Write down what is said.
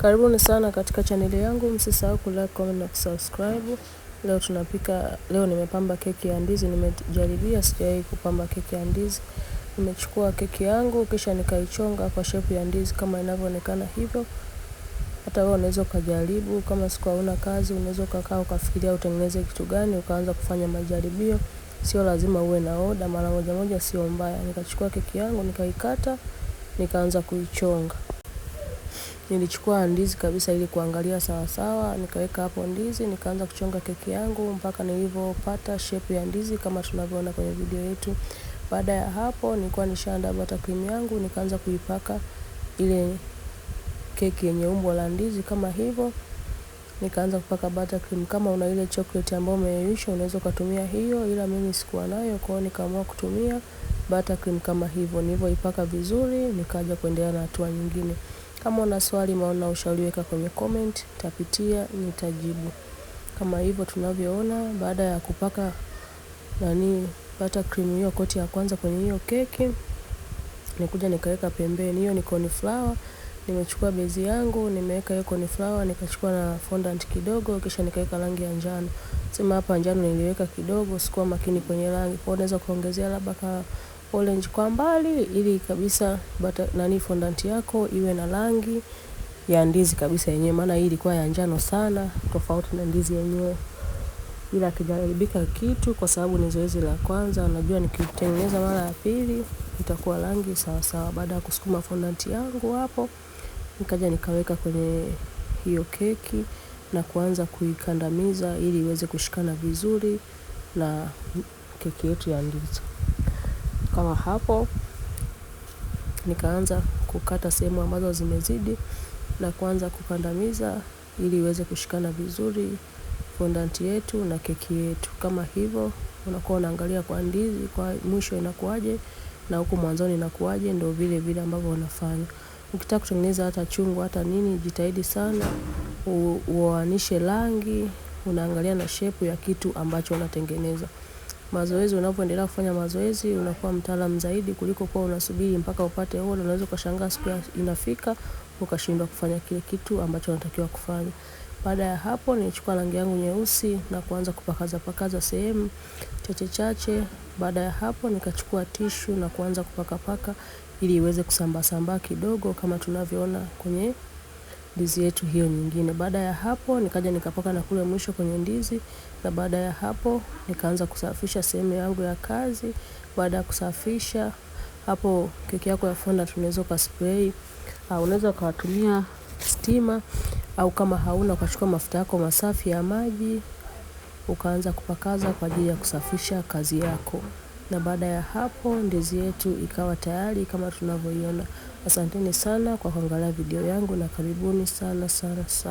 Karibuni sana katika chaneli yangu, msisahau ku like, comment na kusubscribe. Leo tunapika, leo nimepamba keki ya ndizi, nimejaribia sijawahi kupamba keki ya ndizi. Nimechukua keki yangu kisha nikaichonga kwa shape ya ndizi kama inavyoonekana hivyo. Hata wewe unaweza ukajaribu, kama siku hauna kazi unaweza ukakaa ukafikiria utengeneze kitu gani, ukaanza kufanya majaribio. Sio lazima uwe na oda, mara moja moja sio mbaya. Nikachukua keki yangu nikaikata, nikaanza kuichonga. Nilichukua ndizi kabisa ili kuangalia sawa sawa, nikaweka hapo ndizi, nikaanza kuchonga keki yangu, mpaka nilivyopata shape ya ndizi kama tunavyoona kwenye video yetu. Baada ya hapo, nilikuwa nishaandaa bata krimu yangu, nikaanza kuipaka ile keki yenye umbo la ndizi kama hivyo, Nikaanza kupaka bata krimu. Kama una ile chocolate ambayo umeyeyusha, unaweza ukatumia hiyo, ila mimi sikuwa nayo, kwa hiyo nikaamua kutumia bata krimu kama hivyo. Nilivoipaka vizuri, nikaja kuendelea na hatua nyingine. Kama una swali maona ushauri weka kwenye comment, tapitia nitajibu. Kama hivyo tunavyoona, baada ya kupaka nani pata cream hiyo koti ya kwanza kwenye hiyo keki, nikuja nikaweka pembeni, hiyo ni koniflawa, nimechukua bezi yangu, nimeweka hiyo koniflawa, nikachukua na fondant kidogo, kisha nikaweka rangi ya njano. Sema hapa njano niliweka kidogo, sikuwa makini kwenye rangi, kwa unaweza kuongezea labda orange kwa mbali ili kabisa bata, nani fondant yako iwe na rangi ya ndizi kabisa yenyewe, maana hii ilikuwa ya njano sana tofauti na ndizi yenyewe. Ila akijaribika kitu, kwa sababu ni zoezi la kwanza, najua nikitengeneza mara ya pili itakuwa rangi sawa sawa. Baada ya kusukuma fondant yangu hapo, nikaja nikaweka kwenye hiyo keki na kuanza kuikandamiza ili iweze kushikana vizuri na keki yetu ya ndizi kama hapo, nikaanza kukata sehemu ambazo zimezidi na kuanza kukandamiza ili iweze kushikana vizuri fondant yetu na keki yetu. Kama hivyo unakuwa unaangalia kwa ndizi kwa mwisho inakuwaje na huku mwanzoni inakuwaje, ndio vile vile ambavyo unafanya. Ukitaka kutengeneza hata chungu hata nini, jitahidi sana uoanishe rangi, unaangalia na shepu ya kitu ambacho unatengeneza mazoezi, unavyoendelea kufanya mazoezi unakuwa mtaalamu zaidi kuliko kuwa unasubiri mpaka upate oda. Unaweza ukashangaa siku inafika ukashindwa kufanya kile kitu ambacho unatakiwa kufanya. Baada ya hapo nilichukua rangi yangu nyeusi na kuanza kupakaza pakaza sehemu chache chache. Baada ya hapo nikachukua tishu na kuanza kupaka paka ili iweze kusambaa sambaa kidogo kama tunavyoona kwenye ndizi yetu hiyo nyingine. Baada ya hapo nikaja nikapaka na kule mwisho kwenye ndizi, na baada ya hapo nikaanza kusafisha sehemu yangu ya kazi. Baada ya kusafisha hapo, keki yako ya fonda tunaweza ukaspray, ah, unaweza ukawatumia stima au kama hauna ukachukua mafuta yako masafi ya maji ukaanza kupakaza kwa ajili ya kusafisha kazi yako na baada ya hapo ndizi yetu ikawa tayari kama tunavyoiona. Asanteni sana kwa kuangalia video yangu na karibuni sana sana sana.